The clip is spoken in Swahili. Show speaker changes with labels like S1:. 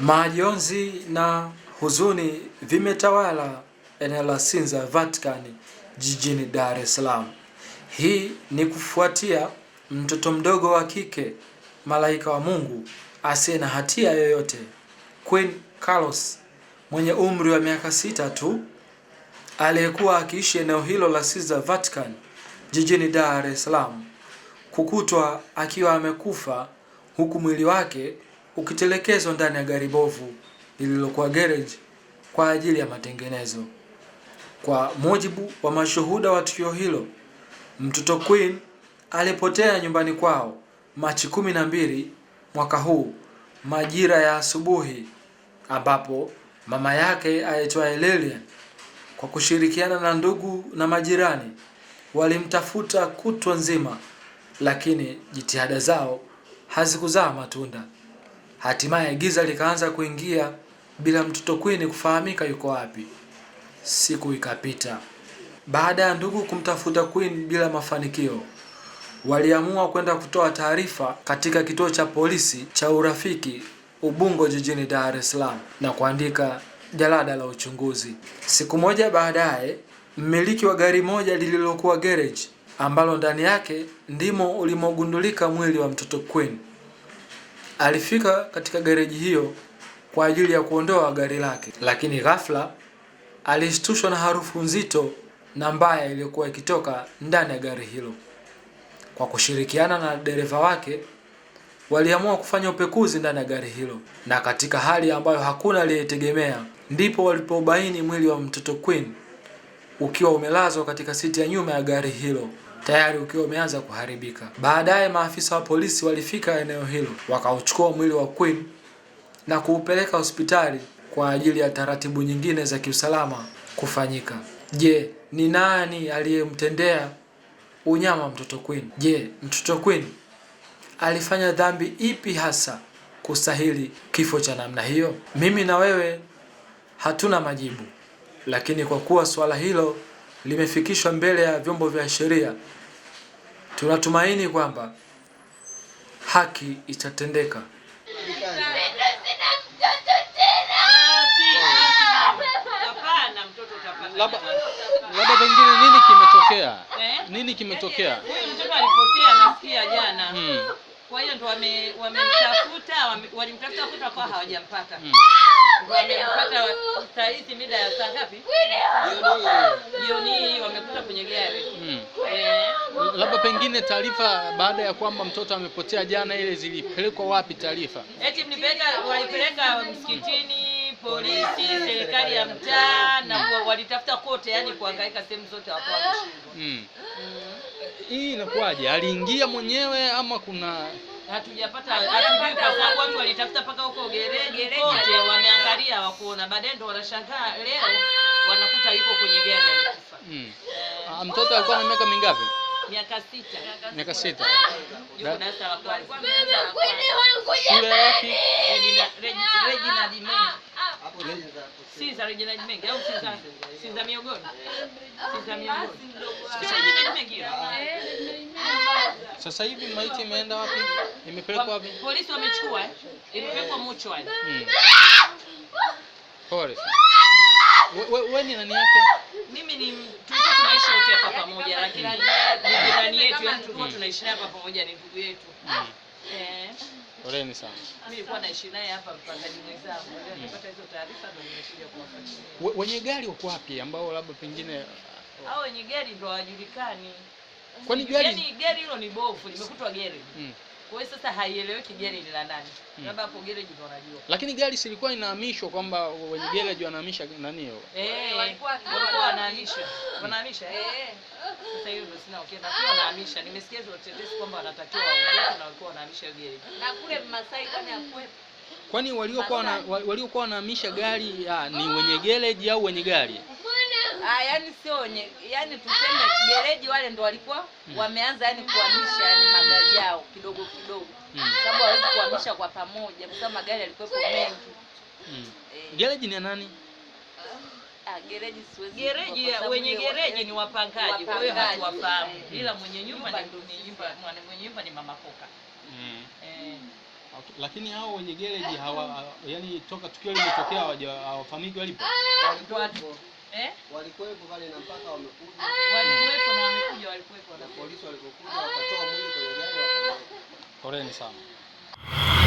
S1: Majonzi na huzuni vimetawala eneo la Sinza vatican jijini Dar es Salaam. Hii ni kufuatia mtoto mdogo wa kike malaika wa Mungu asiye na hatia yoyote Queen Carlos mwenye umri wa miaka sita tu aliyekuwa akiishi eneo hilo la Sinza Vatican jijini Dar es Salaam kukutwa akiwa amekufa huku mwili wake ukitelekezwa ndani ya gari bovu lililokuwa garage kwa ajili ya matengenezo. Kwa mujibu wa mashuhuda wa tukio hilo, mtoto Queen alipotea nyumbani kwao Machi kumi na mbili mwaka huu majira ya asubuhi, ambapo mama yake aitwaye Lilian kwa kushirikiana na ndugu na majirani walimtafuta kutwa nzima, lakini jitihada zao hazikuzaa matunda. Hatimaye giza likaanza kuingia bila mtoto Queen kufahamika yuko wapi. Siku ikapita. Baada ya ndugu kumtafuta Queen bila mafanikio, waliamua kwenda kutoa taarifa katika kituo cha polisi cha Urafiki Ubungo jijini Dar es Salaam na kuandika jalada la uchunguzi. Siku moja baadaye, mmiliki wa gari moja lililokuwa garage ambalo ndani yake ndimo ulimogundulika mwili wa mtoto Queen Alifika katika gereji hiyo kwa ajili ya kuondoa gari lake, lakini ghafla alishtushwa na harufu nzito na mbaya iliyokuwa ikitoka ndani ya gari hilo. Kwa kushirikiana na dereva wake, waliamua kufanya upekuzi ndani ya gari hilo, na katika hali ambayo hakuna aliyetegemea, ndipo walipobaini mwili wa mtoto Queen ukiwa umelazwa katika siti ya nyuma ya gari hilo tayari ukiwa umeanza kuharibika. Baadaye maafisa wa polisi walifika eneo hilo, wakauchukua mwili wa Queen na kuupeleka hospitali kwa ajili ya taratibu nyingine za kiusalama kufanyika. Je, ni nani aliyemtendea unyama mtoto Queen? Je, mtoto Queen alifanya dhambi ipi hasa kustahili kifo cha namna hiyo? Mimi na wewe hatuna majibu, lakini kwa kuwa suala hilo limefikishwa mbele ya vyombo vya sheria Tunatumaini kwamba haki itatendeka.
S2: Labda pengine nini kimetokea? Nini kimetokea?
S3: Huyu mtoto alipokea nasikia jana. Hmm. Kwa hiyo ndo wamemtafuta, walimtafuta wame, kwa hawajampata. Hmm. Wamempata saa hizi mida ya saa ngapi? Jioni hii wamekuta kwenye gari. Hmm.
S2: Eh, labda pengine taarifa baada ya kwamba mtoto amepotea jana, ile zilipelekwa wapi taarifa?
S3: Eti mnipeleka, walipeleka msikitini, polisi, serikali ya mtaa na walitafuta kote, yani kuhangaika sehemu zote hapo. wameshindwa. Mm.
S2: Mm. Hii inakuwaje? Aliingia mwenyewe ama kuna
S3: hatujapata hatujui, kwa sababu watu walitafuta mpaka huko gereji kote, wameangalia wakuona, baadaye ndo wanashangaa leo wanakuta yuko kwenye gari amekufa. Mm.
S2: Mtoto alikuwa na miaka mingapi?
S3: miaka sita.
S2: Miaka sita. Ah!
S3: Shule yapi? Reginald Mengi. Reginald Mengi
S2: Sasa hivi maiti imeenda wapi? Ah, ah. Imepelekwa wapi?
S3: Polisi wamechukua eh? Imepelekwa mochwari. Eh.
S4: Hmm.
S2: Pole. Wewe ni nani yake?
S3: Mimi ni jirani tulikuwa tunaishi naye hapa pamoja, ni ndugu yetu. Hmm. Ah,
S2: eh. Poleni sana.
S3: Mimi nilikuwa naishi naye hapa mpangaji mwenzangu. Leo nilipata hizo taarifa ndio nimekuja kuwafuatilia.
S2: Wenye gari wako wapi ambao labda pengine uh,
S3: hao wenye gari ndio hawajulikani.
S2: Kwani gari? Yaani
S3: gari hilo ni bofu, limekutwa gari. Hmm. Kwa hiyo sasa haieleweki gari hmm. ni la nani. Hmm. Labda hapo garage ndio wanajua.
S2: Lakini gari silikuwa inahamishwa kwamba wenye ah. garage wanahamisha nani hiyo.
S3: Eh, walikuwa walikuwa wanahamisha. Wanahamisha eh? eh. Sasa hiyo ndio sina ukienda pia wanahamisha. Nimesikia hizo tetesi kwamba wanatakiwa waondoke na walikuwa wanahamisha hiyo garage. Na kule Masai kwani hakuwepo.
S2: Kwani waliokuwa waliokuwa wanahamisha gari ah, ni wenye gereji au wenye gari?
S3: Ah, yani sio nye, yani tuseme ah! gereji wale ndo walikuwa hmm. wameanza yani kuhamisha yani ah! magari yao kidogo kidogo mm. sababu hawezi kuhamisha kwa pamoja kwa sababu magari yalikuwepo mengi
S2: mm. eh. gereji ni ya nani?
S3: Ah, gereji siwezi gereji ya wenye gereji ni wapangaji, kwa hiyo hatuwafahamu eh, ila mwenye nyumba ni ndo nyumba, mwana mwenye nyumba ni mama Koka mm.
S2: eh. Okay. Lakini hao wenye gereji hawa, yani toka tukio limetokea hawafahamiki walipo,
S4: ah! walikuwa
S3: walikuwepo pale na mpaka wamekuja, ah! walikuwepo na wamekuja, walikuwepo na polisi walipokuja wakatoa mwili kwenye gari.
S2: Poleni sana.